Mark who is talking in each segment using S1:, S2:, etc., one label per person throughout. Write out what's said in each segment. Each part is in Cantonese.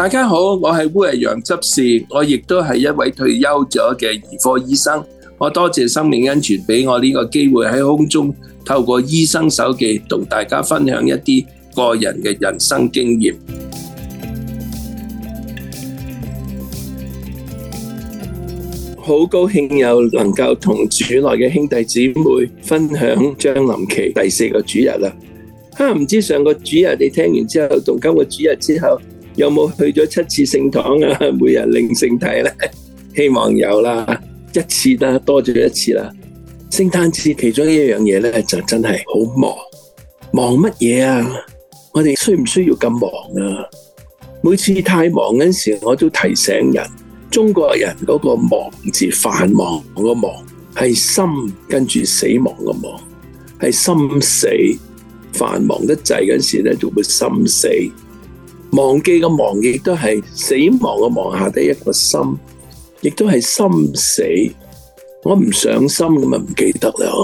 S1: 大家好，我係烏日陽執事，我亦都係一位退休咗嘅兒科醫生。我多謝生命恩泉俾我呢個機會喺空中透過醫生手記同大家分享一啲個人嘅人生經驗。好高興又能夠同主內嘅兄弟姊妹分享將臨期第四個主日啦。吓，唔知上個主日你聽完之後，同今個主日之後。有冇去咗七次聖堂啊？每日令聖體呢，希望有啦，一次啦，多咗一次啦。聖誕節其中一樣嘢咧，就真係好忙，忙乜嘢啊？我哋需唔需要咁忙啊？每次太忙嗰時，我都提醒人：中國人嗰個忙字，繁忙個忙係心跟住死亡個亡，係心死，繁忙得滯嗰時呢，就會心死。忘記嘅忘亦都係死亡嘅忘，下底一個心，亦都係心死。我唔上心咁咪唔記得啦。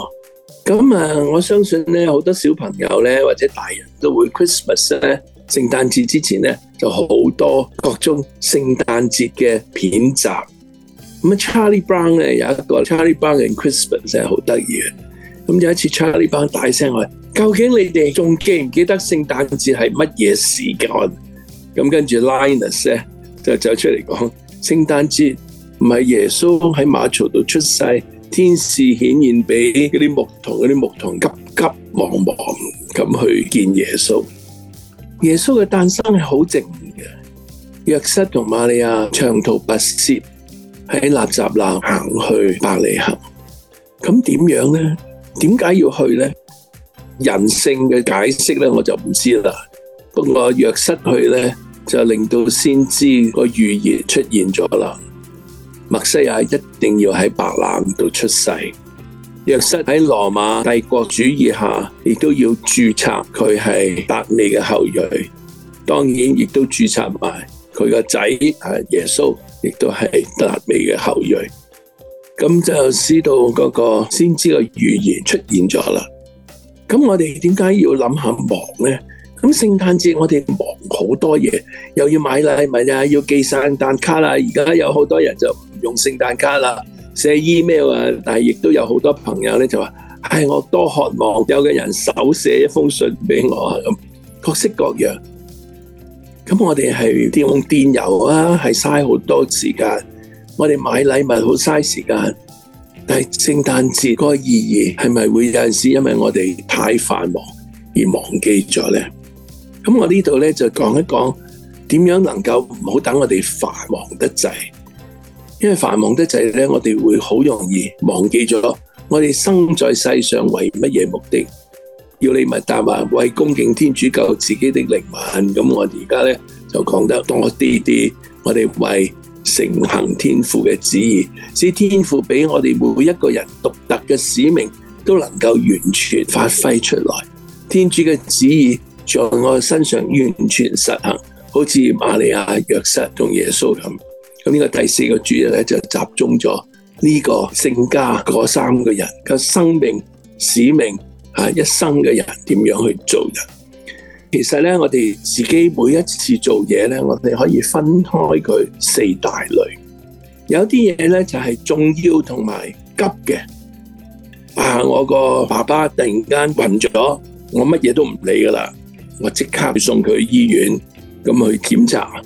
S1: 咁啊，我相信咧，好多小朋友咧，或者大人都會 Christmas 咧，聖誕節之前咧就好多各種聖誕節嘅片集。咁啊，Charlie Brown 咧有一個 Charlie Brown and Christmas 真係好得意嘅。咁有，有一次，Charlie Brown 大聲話，究竟你哋仲記唔記得聖誕節係乜嘢時間？咁跟住，Linus 咧就走出嚟講：聖誕節唔係耶穌喺馬槽度出世，天使顯現俾嗰啲牧童，嗰啲牧童急急忙忙咁去見耶穌。耶穌嘅誕生係好靜嘅，約瑟同瑪利亞長途跋涉喺納匝肋行去伯利恒。咁點樣咧？點解要去咧？人性嘅解釋咧，我就唔知啦。不過約瑟去咧。就令到先知個預言出現咗啦，默西亞一定要喺白冷出世。若瑟喺羅馬帝國主義下，亦都要註冊佢係達味嘅後裔。當然，亦都註冊埋佢個仔耶穌，亦都係達味嘅後裔。咁就知道嗰個先知個預言出現咗啦。咁我哋點解要諗下忙咧？咁聖誕節我哋忙好多嘢，又要買禮物啊，要寄聖誕卡啦。而家有好多人就唔用聖誕卡啦，寫 email 啊。但係亦都有好多朋友呢就話，唉，我多渴望有個人手寫一封信畀我。各式各樣。咁我哋係用電郵啊，係嘥好多時間。我哋買禮物好嘥時間。但係聖誕節嗰個意義係咪會有陣時因為我哋太繁忙而忘記咗呢？咁我這裡呢度就講一講點樣能夠唔好等我哋繁忙得滯，因為繁忙得滯呢，我哋會好容易忘記咗我哋生在世上為乜嘢目的？要你問答啊，為恭敬天主救自己的靈魂。咁我而家咧就講得多啲啲，我哋為成行天父嘅旨意，使天父畀我哋每一個人獨特嘅使命都能夠完全發揮出來。天主嘅旨意。在我身上完全實行，好似瑪利亞約瑟同耶穌咁。咁呢個第四個主日咧，就集中咗呢個聖家嗰三個人嘅生命使命吓，一生嘅人點樣去做人。其實咧，我哋自己每一次做嘢咧，我哋可以分開佢四大類。有啲嘢咧就係、是、重要同埋急嘅。啊，我個爸爸突然間暈咗，我乜嘢都唔理噶啦。我即刻送佢去醫院，咁去檢查，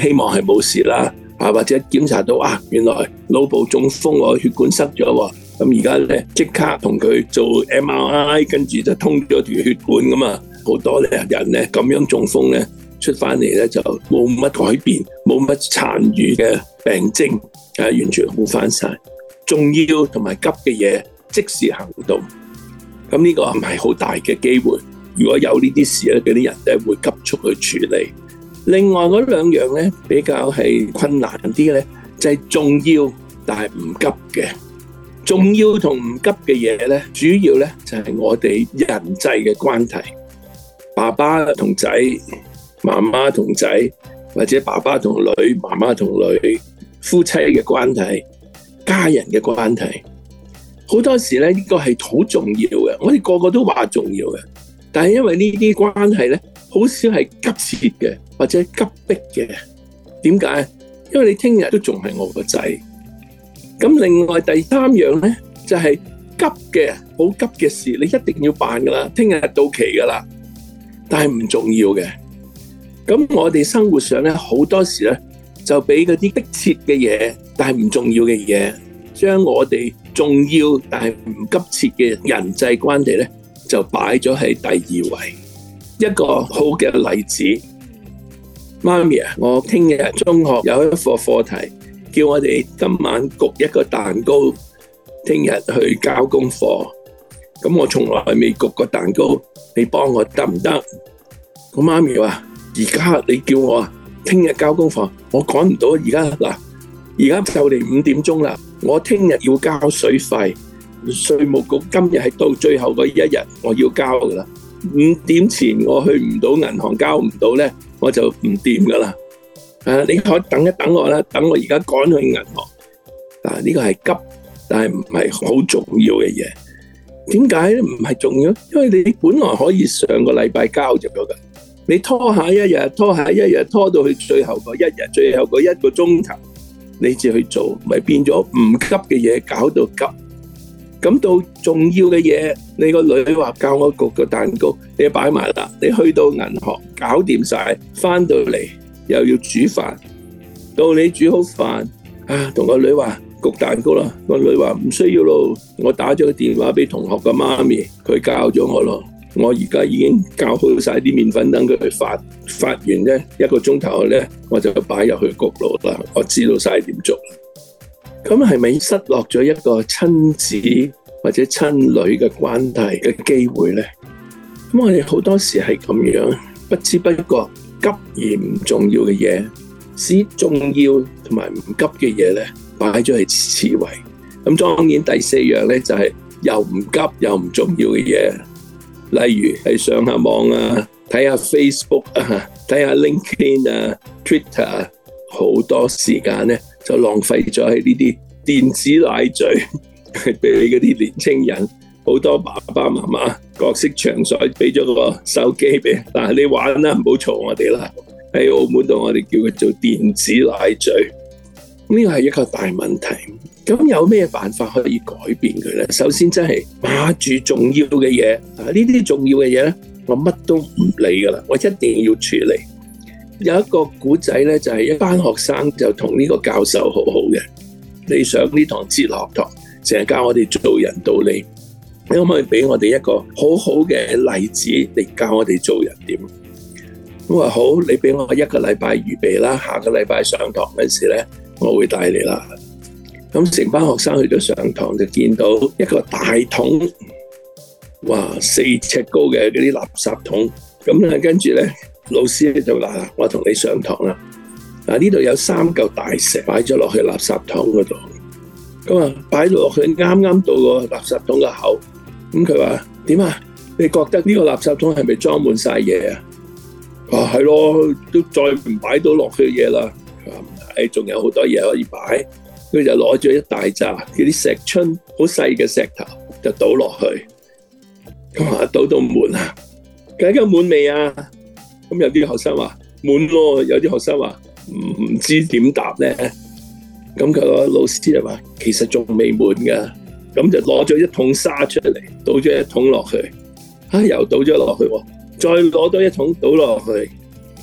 S1: 希望係冇事啦、啊、或者檢查到、啊、原來腦部中風啊，血管塞咗，現而家即刻同佢做 MRI，跟住就通咗條血管嘅嘛。好多人呢咁樣中風呢，出返嚟咧就冇乜改變，冇乜殘餘嘅病徵、啊、完全好翻晒。重要同埋急嘅嘢即時行動，咁呢個唔係好大嘅機會。如果有呢啲事咧，嗰啲人咧會急速去處理。另外嗰兩樣咧比較係困難啲咧，就係重要但係唔急嘅。重要同唔急嘅嘢咧，主要咧就係我哋人際嘅關係，爸爸同仔、媽媽同仔或者爸爸同女、媽媽同女、夫妻嘅關係、家人嘅關係。好多時咧呢個係好重要嘅，我哋個個都話重要嘅。但係因為呢啲關係咧，好少係急切嘅或者急迫嘅。點解？因為你聽日都仲係我個仔。咁另外第三樣咧，就係急嘅好急嘅事，你一定要辦噶啦，聽日到期噶啦。但係唔重要嘅。咁我哋生活上咧，好多時咧就俾嗰啲迫切嘅嘢，但係唔重要嘅嘢，將我哋重要但係唔急切嘅人際關係咧，就擺咗喺第二位，一個好嘅例子。媽咪啊，我聽日中學有一課課題，叫我哋今晚焗一個蛋糕，聽日去交功課。咁我從來未焗過蛋糕，你幫我得唔得？個媽咪話：而家你叫我啊，聽日交功課，我趕唔到。而家嗱，而家就嚟五點鐘啦，我聽日要交水費，稅務局今日係到最後嗰一日，我要交噶啦。五點前我去唔到銀行，交唔到咧，我就唔掂噶啦。誒，你可以等一等我啦，等我而家趕去銀行。嗱，呢個係急，但係唔係好重要嘅嘢。點解咧，唔係重要？因為你本來可以上個禮拜交入咗噶，你拖下一日，拖下一日，拖到去最後嗰一日，最後嗰一個鐘頭，你至去做，咪變咗唔急嘅嘢搞到急。咁到重要嘅嘢，你個女話教我焗個蛋糕，你擺埋啦。你去到銀行搞掂晒，翻到嚟又要煮飯。到你煮好飯，啊，同個女話焗蛋糕啦。個女話唔需要咯，我打咗個電話俾同學個媽咪，佢教咗我咯。我而家已經教好晒啲麵粉，等佢去發。發完咧，一個鐘頭咧，我就擺入去焗爐啦。我知道晒點做。咁係咪失落咗一個親子或者親女嘅關係嘅機會咧？咁我哋好多時係咁樣不知不覺急而唔重要嘅嘢，使重要同埋唔急嘅嘢咧擺咗喺次位。咁當然第四樣咧就係又唔急又唔重要嘅嘢，例如係上下網啊，睇下 Facebook 啊，睇下 LinkedIn 啊，Twitter 好多時間咧。就浪費咗喺呢啲電子奶嘴，俾嗰啲年青人，好多爸爸媽媽角色場所俾咗個手機俾，嗱，你玩啦，唔好嘈我哋啦。喺澳門度，我哋叫佢做電子奶嘴，呢個係一個大問題。咁有咩辦法可以改變佢咧？首先真係把住重要嘅嘢，啊呢啲重要嘅嘢咧，我乜都唔理噶啦，我一定要處理。有一個古仔咧，就係一班學生就同呢個教授好好嘅。你上呢堂哲學堂，成日教我哋做人道理，你可唔可以俾我哋一個好好嘅例子嚟教我哋做人點？我話好，你俾我一個禮拜預備啦，下個禮拜上堂嘅時咧，我會帶你啦。咁成班學生去咗上堂，就見到一個大桶，哇，四尺高嘅嗰啲垃圾桶，咁咧跟住咧。老師咧就話：我同你上堂啦。嗱，呢度有三嚿大石擺咗落去垃圾桶嗰度。咁啊，擺落去啱啱到個垃圾桶嘅口。咁佢話：點啊？你覺得呢個垃圾桶係咪裝滿晒嘢啊？啊，係咯，都再唔擺到落去嘢啦。誒，仲有好多嘢可以擺。佢就攞咗一大扎嗰啲石春，好細嘅石頭，就倒落去。咁啊，倒到滿啦。計緊滿未啊？咁有啲學生話滿咯，有啲學生話唔知點答咧。咁佢個老師就話，其實仲未滿噶。咁就攞咗一桶沙出嚟，倒咗一桶落去，吓、哎、又倒咗落去，再攞多一桶倒落去。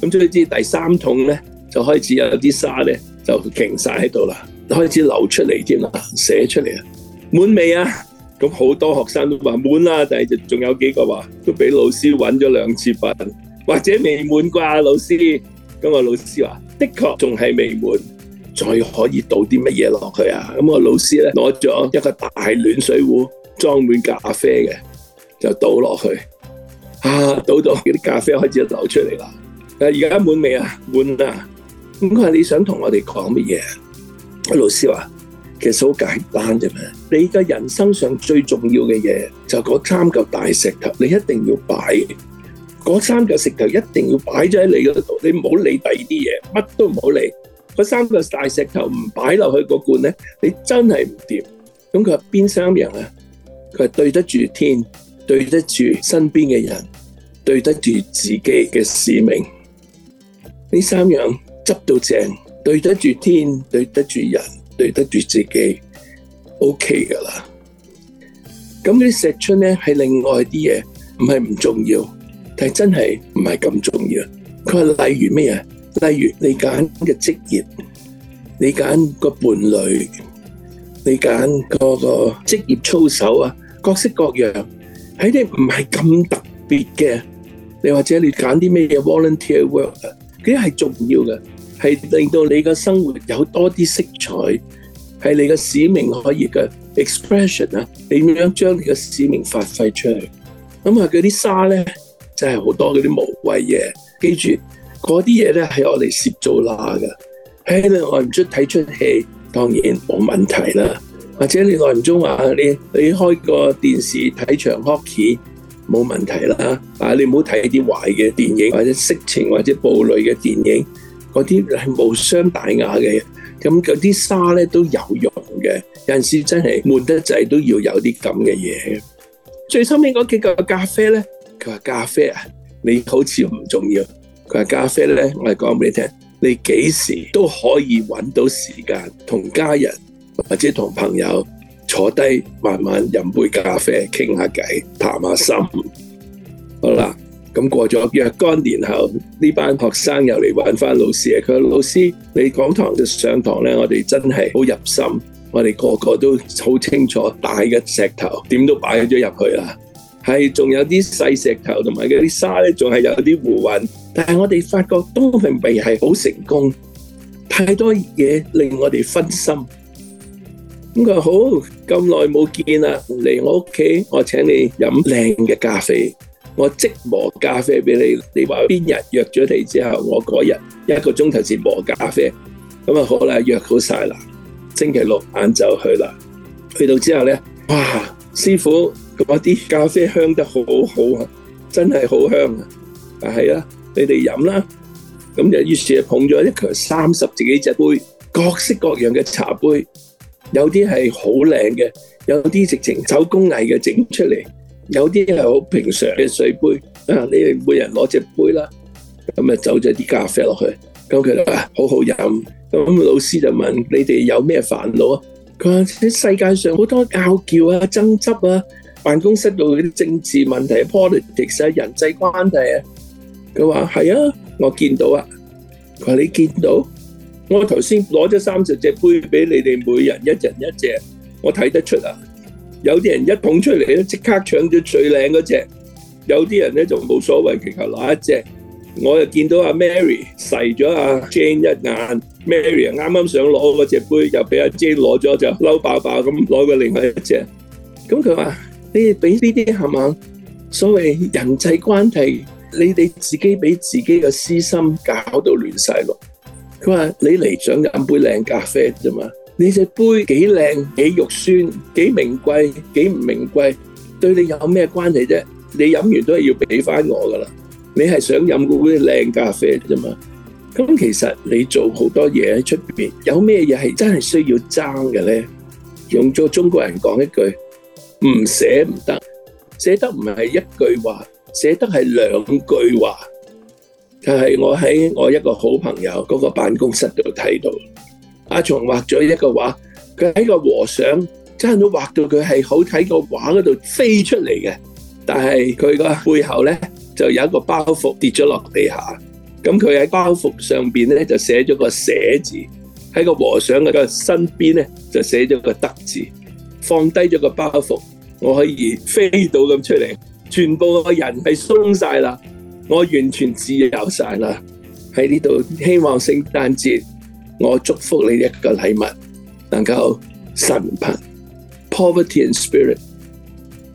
S1: 咁即係知第三桶咧，就開始有啲沙咧就勁晒喺度啦，開始流出嚟添啦，寫出嚟啊，滿未啊？咁好多學生都話滿啦，但係仲有幾個話都俾老師揾咗兩次笨。或者未滿啩，老師。咁我老師話的確仲係未滿，再可以倒啲乜嘢落去啊？咁我老師咧攞咗一個大暖水壺，裝滿咖啡嘅，就倒落去啊！倒到啲咖啡開始就流出嚟啦。誒，而家滿未啊？滿啦！咁佢話你想同我哋講乜嘢？老師話其實好簡單啫咩？你嘅人生上最重要嘅嘢就嗰、是、三嚿大石頭，你一定要擺。嗰三個石頭一定要擺咗喺你嗰度，你唔好理第二啲嘢，乜都唔好理。嗰三個大石頭唔擺落去個罐呢，你真係唔掂。咁佢話邊三樣啊？佢話對得住天，對得住身邊嘅人，對得住自己嘅使命。呢三樣執到正，對得住天，對得住人，對得住自己，OK 㗎喇。咁啲石春呢係另外啲嘢，唔係唔重要。係真係唔係咁重要。佢話例如咩啊？例如你揀嘅職業，你揀個伴侶，你揀嗰個職業操守啊，各式各樣喺啲唔係咁特別嘅。你或者你揀啲咩嘢 volunteer work 啊，佢係重要嘅，係令到你嘅生活有多啲色彩，係你嘅使命可以嘅 expression 啊。你點樣將你嘅使命發揮出嚟？咁啊，嗰啲沙咧～真係好多嗰啲無謂嘢，記住嗰啲嘢咧係我哋攝造啦嘅。喺、哎、你耐唔出睇出戲，當然冇問題啦。或者你耐唔中話你你開個電視睇場 hockey，冇問題啦。但、啊、你唔好睇啲壞嘅電影，或者色情或者暴力嘅電影，嗰啲係無傷大雅嘅。咁有啲沙咧都有用嘅，有陣時真係悶得滯都要有啲咁嘅嘢。最收尾嗰幾嚿咖啡咧。佢話咖啡啊，你好似唔重要。佢話咖啡咧，我係講俾你聽，你幾時都可以揾到時間同家人或者同朋友坐低慢慢飲杯咖啡，傾下偈，談下心。好啦，咁過咗若干年後，呢班學生又嚟揾返老師啊。佢話老師，你講堂就上堂咧，我哋真係好入心，我哋個個都好清楚，大嘅石頭點都擺咗入去啦。係仲有啲細石頭同埋嗰啲沙咧，仲係有啲糊混。但係我哋發覺都未係好成功，太多嘢令我哋分心。咁佢話好，咁耐冇見啦，嚟我屋企，我請你飲靚嘅咖啡。我即磨咖啡俾你。你話邊日約咗你之後，我嗰日一個鐘頭前磨咖啡。咁啊好啦，約好晒啦，星期六晏晝去啦。去到之後咧，哇，師傅！嗰啲咖啡香得好好啊，真係好香啊！啊，係啦、啊，你哋飲啦。咁就於是就捧咗一佢三十幾隻杯，各式各樣嘅茶杯，有啲係好靚嘅，有啲直情手工藝嘅整出嚟，有啲係好平常嘅水杯啊。你哋每人攞隻杯啦，咁、啊、就走咗啲咖啡落去，咁佢啊好好飲。咁老師就問你哋有咩煩惱啊？佢話，喺世界上好多拗撬啊，爭執啊。辦公室度嗰啲政治問題、politics 啊、人際關係啊，佢話係啊，我見到啊，佢話你見到？我頭先攞咗三十隻杯俾你哋，每人一人一隻，我睇得出啊，有啲人一捧出嚟咧即刻搶咗最靚嗰隻，有啲人咧就冇所謂，求其攞一隻。我又見到阿 Mary 睄咗阿 Jane 一眼，Mary 啱啱想攞嗰隻杯，又俾阿 Jane 攞咗，就嬲爆爆咁攞過另外一隻。咁佢話。你哋俾呢啲係嘛？所謂人際關係，你哋自己俾自己嘅私心搞到亂曬咯。佢話：你嚟想飲杯靚咖啡啫嘛？你隻杯幾靚幾肉酸幾名貴幾唔名貴，對你有咩關係啫？你飲完都係要俾翻我噶啦。你係想飲嗰杯靚咖啡啫嘛？咁其實你做好多嘢喺出邊，有咩嘢係真係需要爭嘅咧？用咗中國人講一句。唔捨唔得，捨得唔係一句話，捨得係兩句話。但係我喺我一個好朋友嗰個辦公室度睇到，阿松畫咗一個畫，佢喺個和尚真係都畫到佢係好睇個畫嗰度飛出嚟嘅。但係佢個背後咧就有一個包袱跌咗落地下。咁佢喺包袱上邊咧就寫咗個捨字，喺個和尚嘅身邊咧就寫咗個得字。放低咗個包袱，我可以飛到咁出嚟，全部個人係鬆曬啦，我完全自由曬啦。喺呢度希望聖誕節，我祝福你一個禮物，能夠神貧 Poverty and Spirit，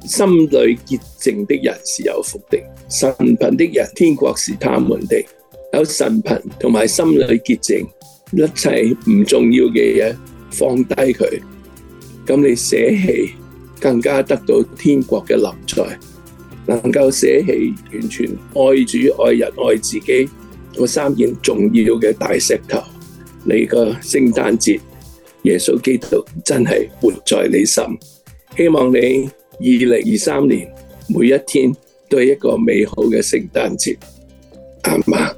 S1: 心裏潔淨的人是有福的，神貧的人天國是他們的，有神貧同埋心裏潔淨，一切唔重要嘅嘢放低佢。咁你捨棄，更加得到天國嘅臨在，能夠捨棄完全愛主、愛人、愛自己嗰三件重要嘅大石頭，你個聖誕節，耶穌基督真係活在你心。希望你二零二三年每一天都係一個美好嘅聖誕節。阿媽，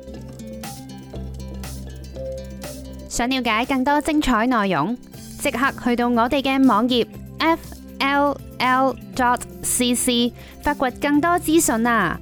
S1: 想了解更多精彩內容。即刻去到我哋嘅網頁 FLL dot CC，發掘更多資訊啊！